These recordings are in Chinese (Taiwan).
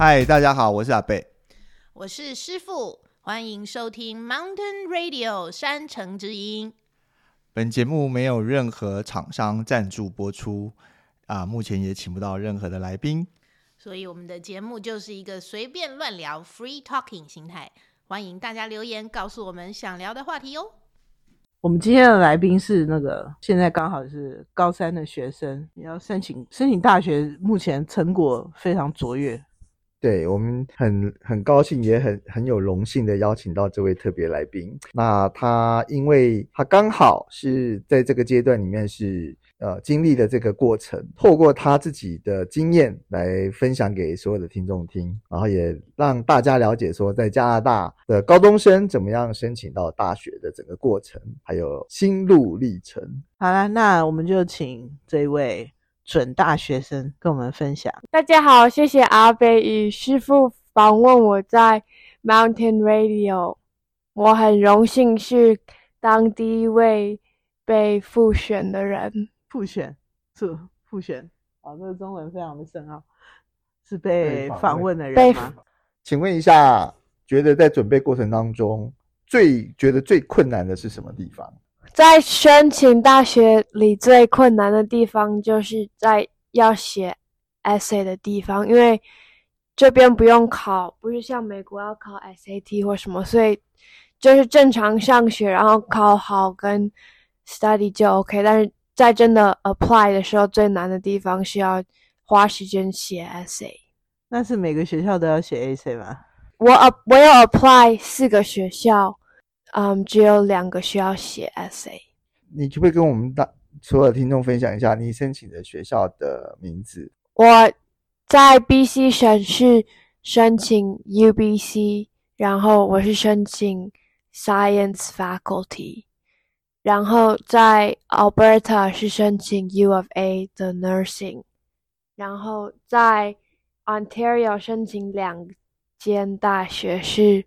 嗨，Hi, 大家好，我是阿貝，我是師傅，歡迎收聽 Mountain Radio 山城之音。本節目沒有任何廠商贊助播出啊，目前也請不到任何的來賓，所以我們的節目就是一個隨便亂聊 free talking 型態，歡迎大家留言告訴我們想聊的話題哦。我們今天的來賓是那個現在剛好是高三的學生，你要申請申請大學，目前成果非常卓越。對我們很很高興，也很很有榮幸的邀請到這位特別來賓。那他因為他剛好是在這個階段裡面是呃經歷的這個過程，透過他自己的經驗來分享給所有的聽眾聽，然後也讓大家了解說，在加拿大的高中生怎麼樣申請到大學的整個過程，還有心路歷程。好啦，那我們就請這一位。準大學生跟我們分享。大家好，謝謝阿飛與師傅訪問我在 Mountain Radio。我很榮幸是當第一位被複選的人。複選？是複選？啊，這、那個中文非常的深奧。是被訪問的人嗎？請問一下，覺得在準備過程當中，最覺得最困難的是什麼地方？在申請大學裡最困難的地方就是在要寫 essay 的地方，因為這邊不用考，不是像美國要考 SAT 或什麼，所以就是正常上學，然後考好跟 study 就 OK。但是在真的 apply 的時候，最難的地方是要花時間寫 essay。那是每個學校都要寫 essay 嗎？我我有 apply 四個學校。嗯，um, 只有兩個需要寫 essay。你可不可以跟我們大所有的聽眾分享一下你申請的學校的名字？我在 BC 省是申請 UBC，然後我是申請 Science Faculty，然後在 Alberta 是申請 U of A 的 Nursing，然後在 Ontario 申請兩間大學是。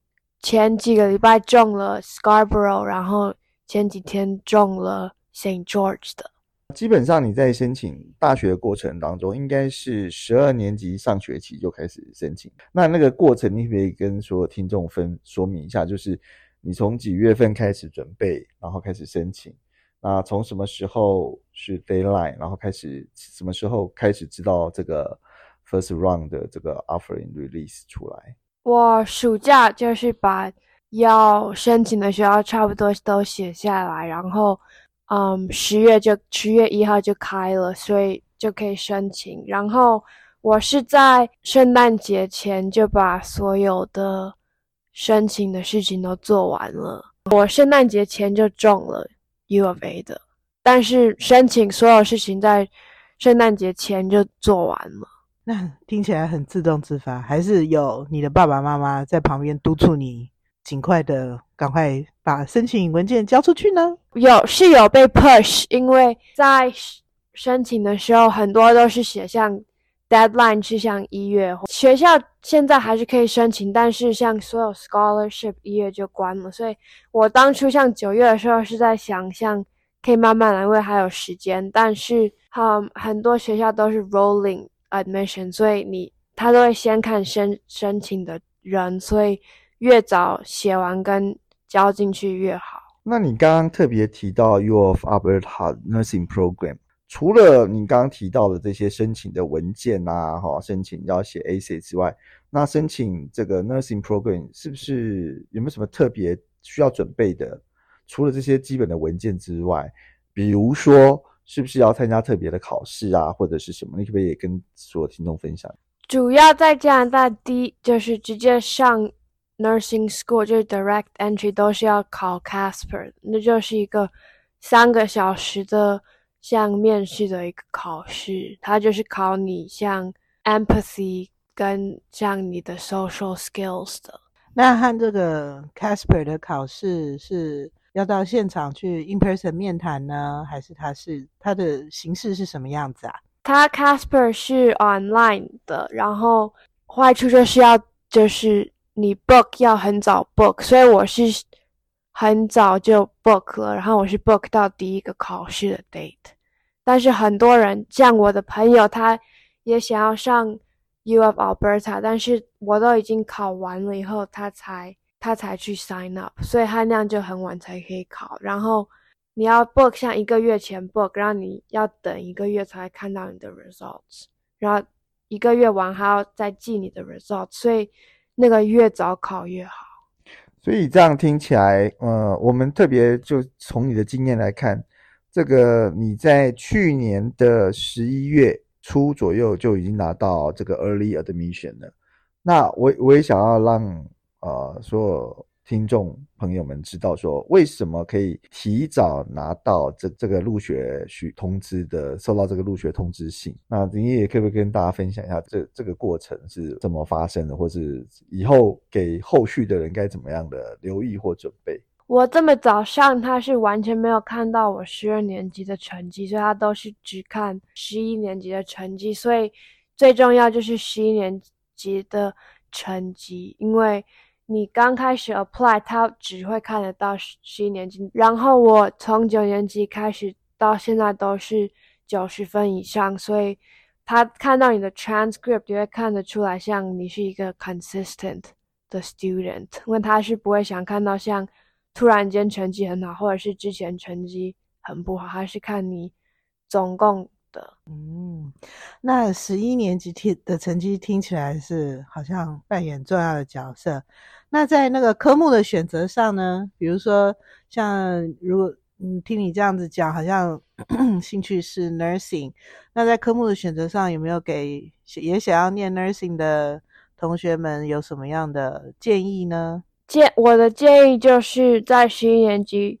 前幾個禮拜中了 Scarborough，然後前幾天中了 Saint George 的。基本上你在申請大學的過程當中，應該是十二年級上學期就開始申請。那那個過程你可以跟所有聽眾分說明一下，就是你從幾月份開始準備，然後開始申請。那從什麼時候是 d a y l i n e 然後開始什麼時候開始知道這個 First Round 的這個 Offering Release 出來？我暑假就是把要申請的學校差不多都寫下來，然後，嗯，十月就十月一號就開了，所以就可以申請。然後我是在聖誕節前就把所有的申請的事情都做完了。我聖誕節前就中了 U of A 的，但是申請所有事情在聖誕節前就做完了。那聽起來很自動自發，還是有你的爸爸媽媽在旁邊督促你，盡快的趕快把申請文件交出去呢？有，是有被 push，因為在申請的時候，很多都是寫像 deadline 是像一月。學校現在還是可以申請，但是像所有 scholarship 一月就關了。所以我當初像九月的時候是在想，像可以慢慢來，因為還有時間。但是，嗯，很多學校都是 rolling。admission，所以你他都會先看申申請的人，所以越早寫完跟交進去越好。那你剛剛特別提到 U of Alberta Nursing Program，除了你剛剛提到的這些申請的文件啊，哈、哦，申請要寫 AC 之外，那申請這個 Nursing Program 是不是有沒有什麼特別需要準備的？除了這些基本的文件之外，比如說。是不是要參加特別的考試啊，或者是什麼？你可不可以也跟所有聽眾分享？主要在加拿大，第一就是直接上 nursing school，就是 direct entry 都是要考 CASPER，那就是一個三個小時的像面試的一個考試，它就是考你像 empathy 跟像你的 social skills 的。那和這個 CASPER 的考試是？要到現場去 in person 面談呢，還是他是他的形式是什麼樣子啊？他 Casper 是 online 的，然後壞處就是要就是你 book 要很早 book，所以我是很早就 book 了，然後我是 book 到第一個考試的 date。但是很多人像我的朋友，他也想要上 U of Alberta，但是我都已經考完了以後，他才。他才去 sign up，所以他那樣就很晚才可以考。然後你要 book 像一個月前 book，然後你要等一個月才看到你的 results。然後一個月完，還要再記你的 results。所以那個越早考越好。所以這樣聽起來，呃，我們特別就從你的經驗來看，這個你在去年的十一月初左右就已經拿到這個 early admission 了。那我我也想要讓。呃，所有聽眾朋友們知道說，為什麼可以提早拿到這這個入學許通知的，收到這個入學通知信，那你也可不可以跟大家分享一下這這個過程是怎麼發生的，或是以後給後續的人該怎麼樣的留意或準備。我這麼早上，他是完全沒有看到我十二年級的成績，所以他都是只看十一年級的成績，所以最重要就是十一年級的成績，因為。你剛開始 apply，他只會看得到十一年級。然後我從九年級開始到現在都是九十分以上，所以他看到你的 transcript 就會看得出來，像你是一個 consistent 的 student。因為他是不會想看到像突然間成績很好，或者是之前成績很不好，他是看你總共。的，嗯，那十一年級聽的成績聽起來是好像扮演重要的角色。那在那個科目的選擇上呢？比如說，像如嗯，聽你這樣子講，好像 興趣是 nursing。那在科目的選擇上，有沒有給也想要念 nursing 的同學們有什麼樣的建議呢？建我的建議就是在十一年級。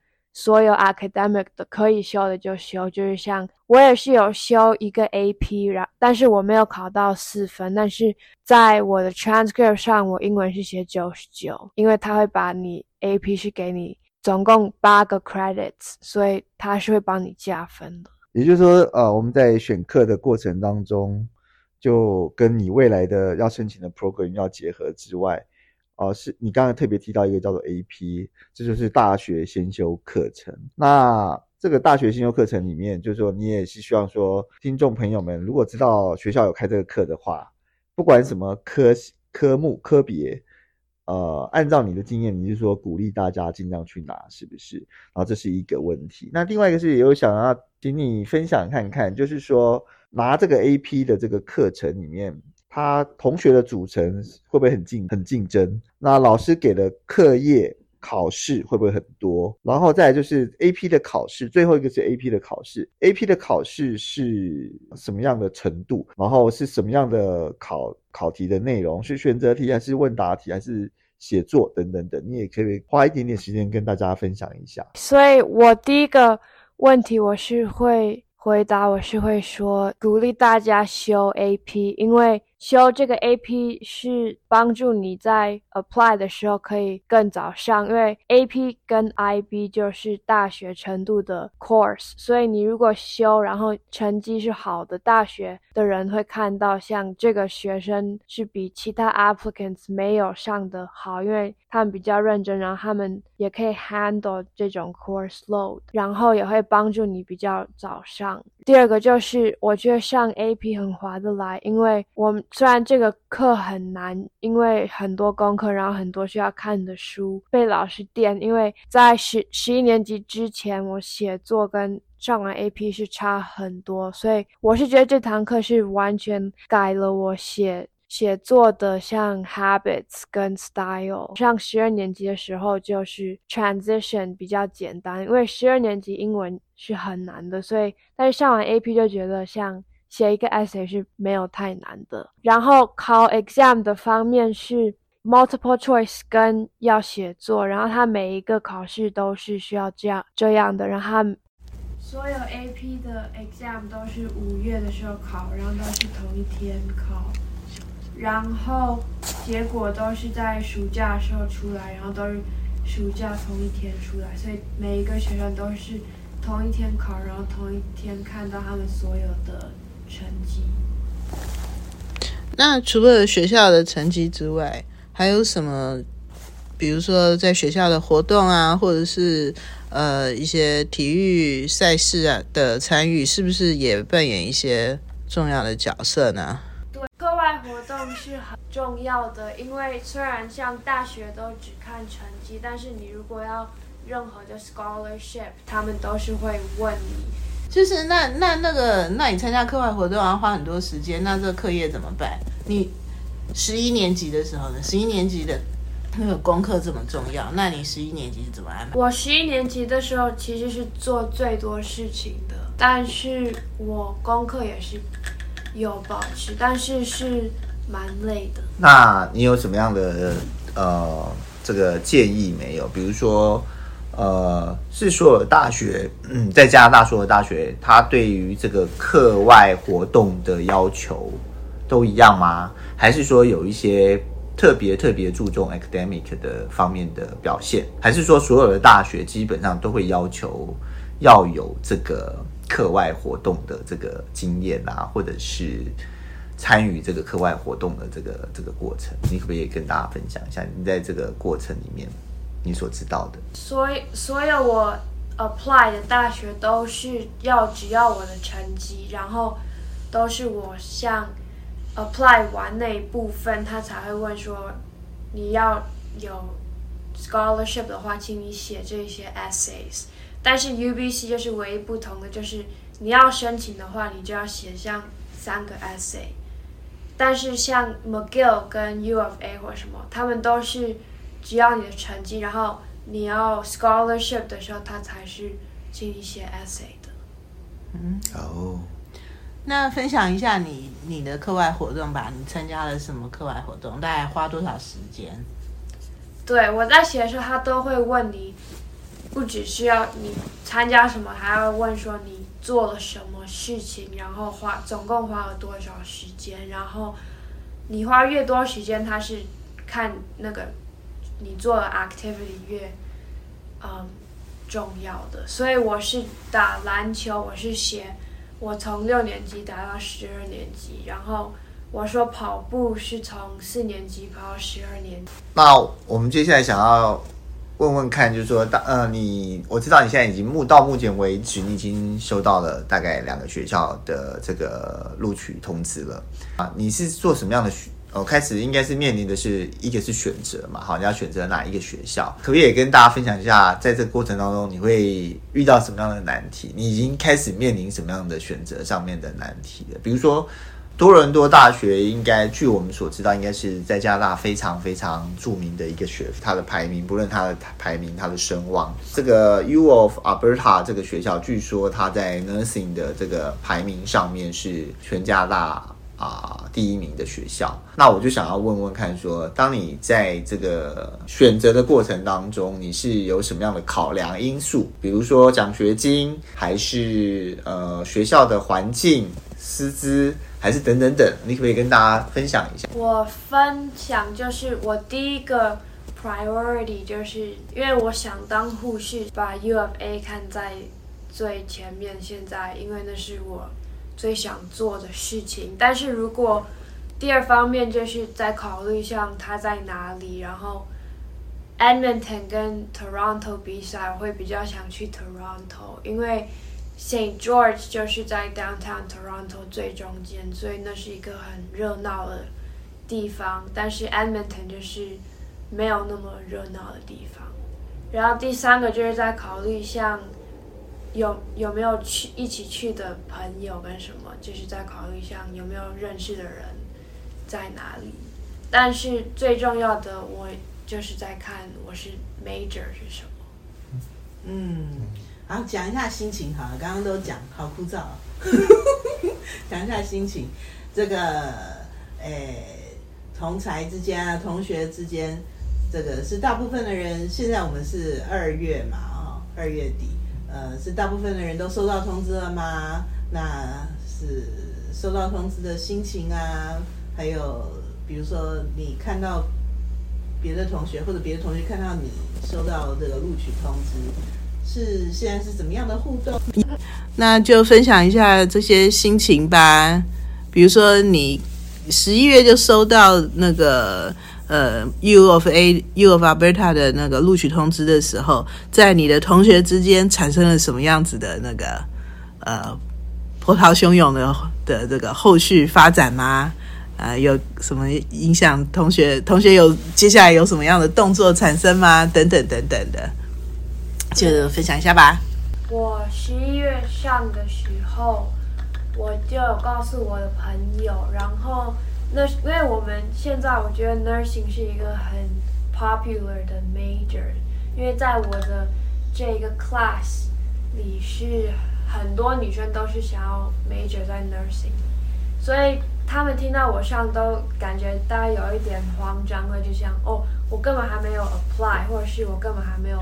所有 academic 的可以修的就修，就是像我也是有修一個 AP，然後但是我沒有考到四分，但是在我的 transcript 上，我英文是寫九十九，因為他會把你 AP 是給你總共八個 credits，所以他是會幫你加分的。也就是說，呃，我們在選課的過程當中，就跟你未來的要申請的 program 要結合之外。哦、啊，是你剛才特別提到一個叫做 AP，這就是大學先修課程。那這個大學先修課程裡面，就是說你也是希望說，聽眾朋友們如果知道學校有開這個課的話，不管什麼科科目科別，呃，按照你的經驗，你是說鼓勵大家儘量去拿，是不是？然後這是一個問題。那另外一個是也有想要請你分享看看，就是說拿這個 AP 的這個課程裡面。他同學的組成會不會很競很競爭？那老師給的課業考試會不會很多？然後再來就是 AP 的考試，最後一個是 AP 的考試。AP 的考試是什麼樣的程度？然後是什麼樣的考考題的內容？是選擇題還是問答題還是寫作等等等？你也可以花一點點時間跟大家分享一下。所以我第一個問題，我是會回答，我是會說鼓勵大家修 AP，因為。修這個 AP 是幫助你在 apply 的時候可以更早上，因為 AP 跟 IB 就是大學程度的 course，所以你如果修，然後成績是好的，大學的人會看到像這個學生是比其他 applicants 沒有上得好，因為他們比較認真，然後他們也可以 handle 這種 course load，然後也會幫助你比較早上。第二個就是，我覺得上 AP 很划得來，因為我雖然這個課很難，因為很多功課，然後很多需要看的書被老師點，因為在十十一年級之前，我寫作跟上完 AP 是差很多，所以我是覺得這堂課是完全改了我寫。寫作的像 habits 跟 style，上十二年級的時候就是 transition 比較簡單，因為十二年級英文是很難的，所以但是上完 AP 就覺得像寫一個 essay 是沒有太難的。然後考 exam 的方面是 multiple choice 跟要寫作，然後它每一個考試都是需要這樣這樣的。然後它所有 AP 的 exam 都是五月的時候考，然後都是同一天考。然後結果都是在暑假的時候出來，然後都是暑假同一天出來，所以每一個學生都是同一天考，然後同一天看到他們所有的成績。那除了學校的成績之外，還有什麼？比如說在學校的活動啊，或者是呃一些體育賽事啊的參與，是不是也扮演一些重要的角色呢？是很重要的，因為雖然像大學都只看成績，但是你如果要任何的 scholarship，他們都是會問你。就是那那那個，那你參加課外活動要、啊、花很多時間，那這個課業怎麼辦？你十一年級的時候呢？十一年級的那個功課這麼重要，那你十一年級是怎麼安排？我十一年級的時候其實是做最多事情的，但是我功課也是有保持，但是是。蠻累的。那你有什麼樣的呃，這個建議沒有？比如說，呃，是所有大學，嗯，在加拿大所有大學，它對於這個課外活動的要求都一樣嗎？還是說有一些特別特別注重 academic 的方面的表現？還是說所有的大學基本上都會要求要有這個課外活動的這個經驗啊，或者是？參與這個課外活動的這個這個過程，你可不可以跟大家分享一下？你在這個過程裡面，你所知道的，所以所有我 apply 的大學都是要只要我的成績，然後都是我像 apply 完那一部分，他才會問說，你要有 scholarship 的話，請你寫這些 essays。但是 UBC 就是唯一不同的，就是你要申請的話，你就要寫像三個 essay。但是像 McGill 跟 U of A 或什麼，他們都是只要你的成績，然後你要 scholarship 的時候，他才是請你寫 essay 的。嗯哦，oh. 那分享一下你你的課外活動吧，你參加了什麼課外活動？大概花多少時間？對我在寫的時候，他都會問你，不只是要你參加什麼，還要問說你。做了什麼事情，然後花總共花了多少時間，然後你花越多時間，它是看那個你做的 activity 越嗯重要的。所以我是打籃球，我是寫我從六年級打到十二年級，然後我說跑步是從四年級跑到十二年級。那我們接下來想要。問問看，就是說，大呃，你，我知道你現在已經目到目前為止，你已經收到了大概兩個學校的這個錄取通知了啊。你是做什麼樣的學？哦，開始應該是面臨的是一個是選擇嘛，好，你要選擇哪一個學校，可不可以也跟大家分享一下，在這個過程當中，你會遇到什麼樣的難題？你已經開始面臨什麼樣的選擇上面的難題了？比如說。多倫多大學應該，據我們所知道，應該是在加拿大非常非常著名的一個學府，它的排名，不論它的排名，它的聲望。這個 U of Alberta 這個學校，據說它在 nursing 的這個排名上面是全加拿大啊、呃、第一名的學校。那我就想要問問看說，說當你在這個選擇的過程當中，你是有什麼樣的考量因素？比如說獎學金，還是呃學校的環境、師資？還是等等等，你可不可以跟大家分享一下？我分享就是我第一個 priority，就是因為我想當護士，把 UFA 看在最前面。現在因為那是我最想做的事情，但是如果第二方面就是再考慮像他在哪裡，然後 Edmonton 跟 Toronto 比賽，我會比較想去 Toronto，因為。St. George 就是在 downtown Toronto 最中間，所以那是一個很熱鬧的地方。但是 Edmonton 就是沒有那麼熱鬧的地方。然後第三個就是在考慮像有有沒有去一起去的朋友跟什麼，就是在考慮像有沒有認識的人在哪裡。但是最重要的，我就是在看我是 major 是什麼。嗯。啊講一下心情哈，剛剛都講好枯燥，哦。 講一下心情，這個呃、欸，同才之間啊，同學之間，這個是大部分的人。現在我們是二月嘛，哦，二月底，呃，是大部分的人都收到通知了嗎？那是收到通知的心情啊，還有比如說你看到別的同學，或者別的同學看到你收到這個錄取通知。是，現在是怎麼樣的互動？那就分享一下這些心情吧。比如說，你十一月就收到那個呃 U of A，U of Alberta 的那個錄取通知的時候，在你的同學之間產生了什麼樣子的那個呃波濤洶湧的的這個後續發展嗎？啊、呃，有什麼影響？同學，同學有接下來有什麼樣的動作產生嗎？等等等等的。就分享一下吧。我十一月上的時候，我就告訴我的朋友，然後那，是因為我們現在我覺得 nursing 是一個很 popular 的 major，因為在我的這個 class 裡是很多女生都是想要 major 在 nursing，所以她們聽到我上都感覺大家有一點慌張了，會就想哦，我根本還沒有 apply，或者是我根本還沒有。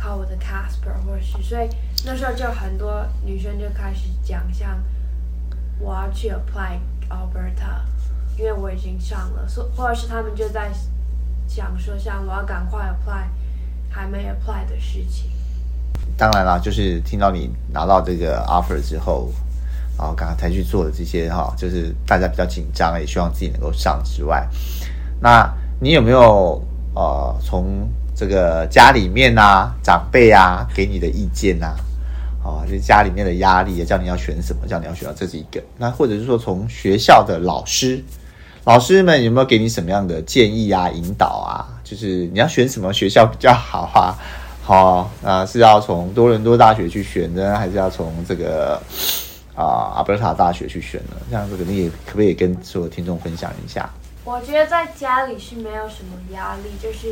靠我的 Casper，或者是所以那時候就很多女生就開始講，像我要去 apply Alberta，因為我已經上了，所或者是他們就在講說，像我要趕快 apply，還沒 apply 的事情。當然啦，就是聽到你拿到這個 offer 之後，然後剛剛才去做的這些哈，就是大家比較緊張，也希望自己能夠上之外，那你有沒有呃從？這個家裡面啊長輩啊給你的意見啊哦，就是家裡面的壓力也叫你要選什麼，叫你要選到這一個。那或者是說從學校的老師，老師們有沒有給你什麼樣的建議啊、引導啊？就是你要選什麼學校比較好啊？好、哦，那、呃、是要從多倫多大學去選呢，還是要從這個啊、呃、阿伯塔大學去選呢？這樣子，你可不可以也跟所有聽眾分享一下？我覺得在家裡是沒有什麼壓力，就是。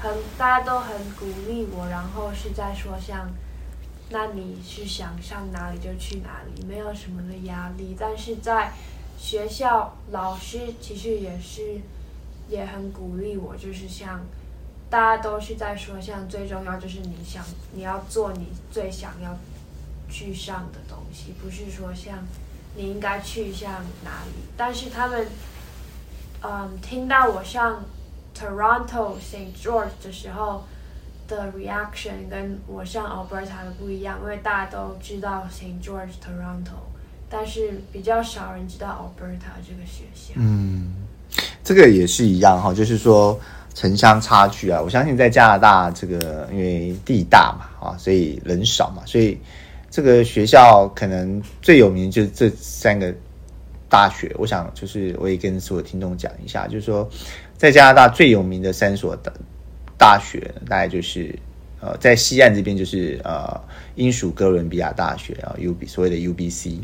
很，大家都很鼓勵我，然後是在說像，那你是想上哪裡就去哪裡，沒有什麼的壓力。但是在學校，老師其實也是也很鼓勵我，就是像大家都是在說像，最重要就是你想你要做你最想要去上的東西，不是說像你應該去向哪裡。但是他們，嗯，聽到我上。S Toronto St. George 的時候的 reaction 跟我像 Alberta 的不一樣，因為大家都知道 St. George Toronto，但是比較少人知道 Alberta 這個學校。嗯，這個也是一樣哈，就是說城鄉差距啊。我相信在加拿大，這個因為地大嘛啊，所以人少嘛，所以這個學校可能最有名就是這三個大學。我想就是我也跟所有聽眾講一下，就是說。在加拿大最有名的三所大大學，大概就是呃，在西岸這邊就是呃英屬哥倫比亞大學啊，呃，U B 所謂的 U B C。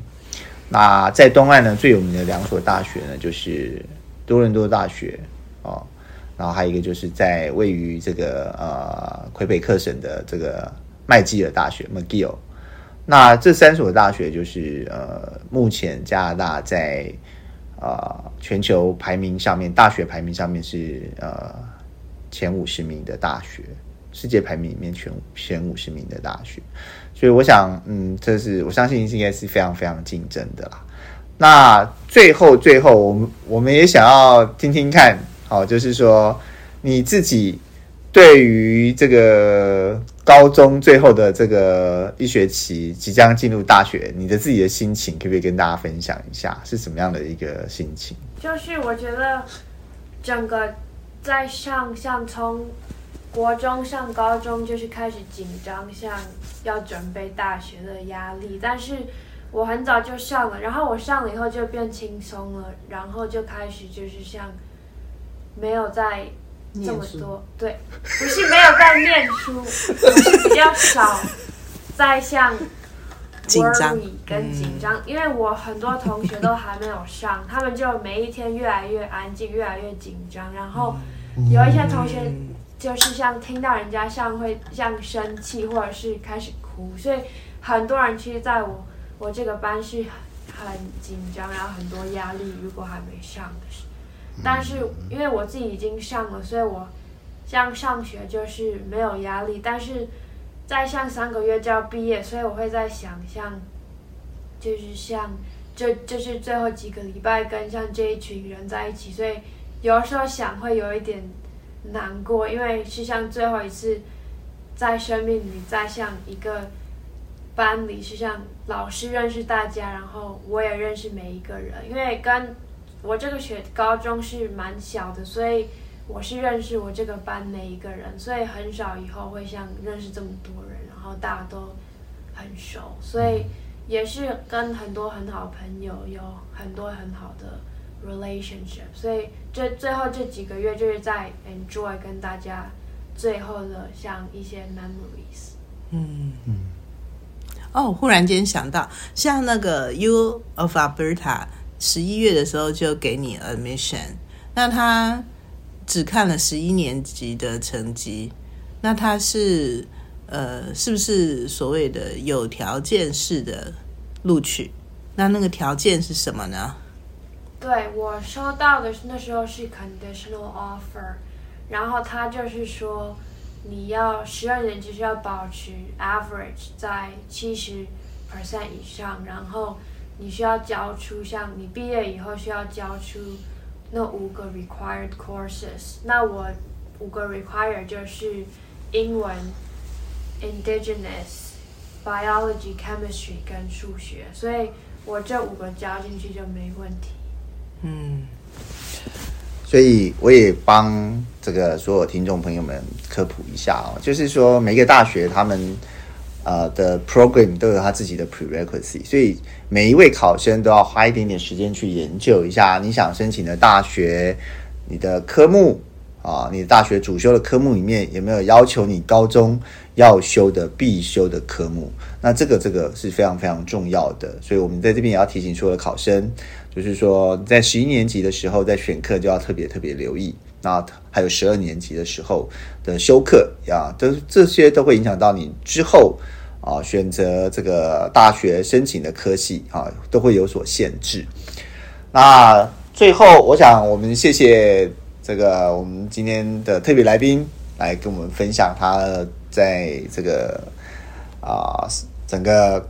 那在東岸呢，最有名的兩所大學呢，就是多倫多大學啊，呃，然後還有一個就是在位於這個呃魁北克省的這個麥吉爾大學 McGill。那這三所大學就是呃，目前加拿大在。啊、呃，全球排名上面，大學排名上面是呃前五十名的大學，世界排名裡面前前五十名的大學，所以我想，嗯，這是我相信應該是非常非常競爭的啦。那最後最後，我們我們也想要聽聽看，好、哦，就是說你自己對於這個。高中最後的這個一學期即將進入大學，你的自己的心情可不可以跟大家分享一下，是什麼樣的一個心情？就是我覺得整個在上，像從國中上高中，就是開始緊張，像要準備大學的壓力。但是我很早就上了，然後我上了以後就變輕鬆了，然後就開始就是像沒有在。這麼多，對，不是沒有在念書，只 是比較少。在像 worry 跟緊張，緊張，嗯。因為我很多同學都還沒有上， 他們就每一天越來越安靜，越來越緊張。然後有一些同學就是像聽到人家像會像生氣或者是開始哭，所以很多人其實在我我這個班是很緊張，然後很多壓力。如果還沒上的時候。的但是因為我自己已經上了，所以我像上學就是沒有壓力。但是再上三個月就要畢業，所以我會在想，像就是像這，就是最後幾個禮拜跟像這一群人在一起，所以有時候想會有一點難過，因為是像最後一次在生命裡，再像一個班裡，是像老師認識大家，然後我也認識每一個人，因為跟。我這個學高中是蠻小的，所以我是認識我這個班每一個人，所以很少以後會像認識這麼多人，然後大家都很熟，所以也是跟很多很好的朋友，有很多很好的 relationship。所以這最後這幾個月就是在 enjoy 跟大家最後的像一些 memories。嗯嗯。哦，忽然間想到，像那個 U of Alberta。十一月的時候就給你 admission，那他只看了十一年級的成績，那他是呃是不是所謂的有條件式的錄取？那那個條件是什麼呢？對，我收到的那時候是 conditional offer，然後他就是說，你要十二年級是要保持 average 在七十 percent 以上，然後。你需要交出像你畢業以後需要交出那五個 required courses。那我五個 required 就是英文、Indigenous、Biology、Chemistry 跟數學，所以我這五個交進去就沒問題。嗯，所以我也幫這個所有聽眾朋友們科普一下哦，就是說每個大學他們。呃的、uh, program 都有它自己的 pre-requisite，所以每一位考生都要花一點點時間去研究一下，你想申請的大學，你的科目啊，uh, 你的大學主修的科目裡面有沒有要求你高中要修的必修的科目？那這個這個是非常非常重要的，所以我們在這邊也要提醒所有的考生，就是說在十一年級的時候在選課就要特別特別留意。那還有十二年級的時候的修課呀，都、啊、這些都會影響到你之後啊選擇這個大學申請的科系啊，都會有所限製。那最後，我想我們謝謝這個我們今天的特別來賓，來跟我們分享他在這個啊整個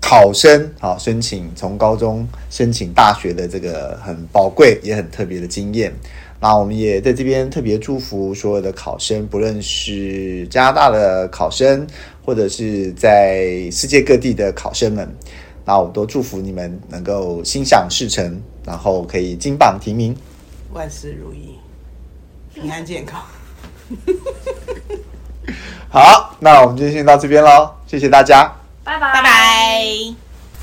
考生啊申請從高中申請大學的這個很寶貴也很特別的經驗。那我們也在這邊特別祝福所有的考生，不論是加拿大的考生，或者是在世界各地的考生們。那我們都祝福你們能夠心想事成，然後可以金榜題名，萬事如意，平安健康。 好，那我們就先到這邊嘍，謝謝大家，拜拜拜拜。Bye bye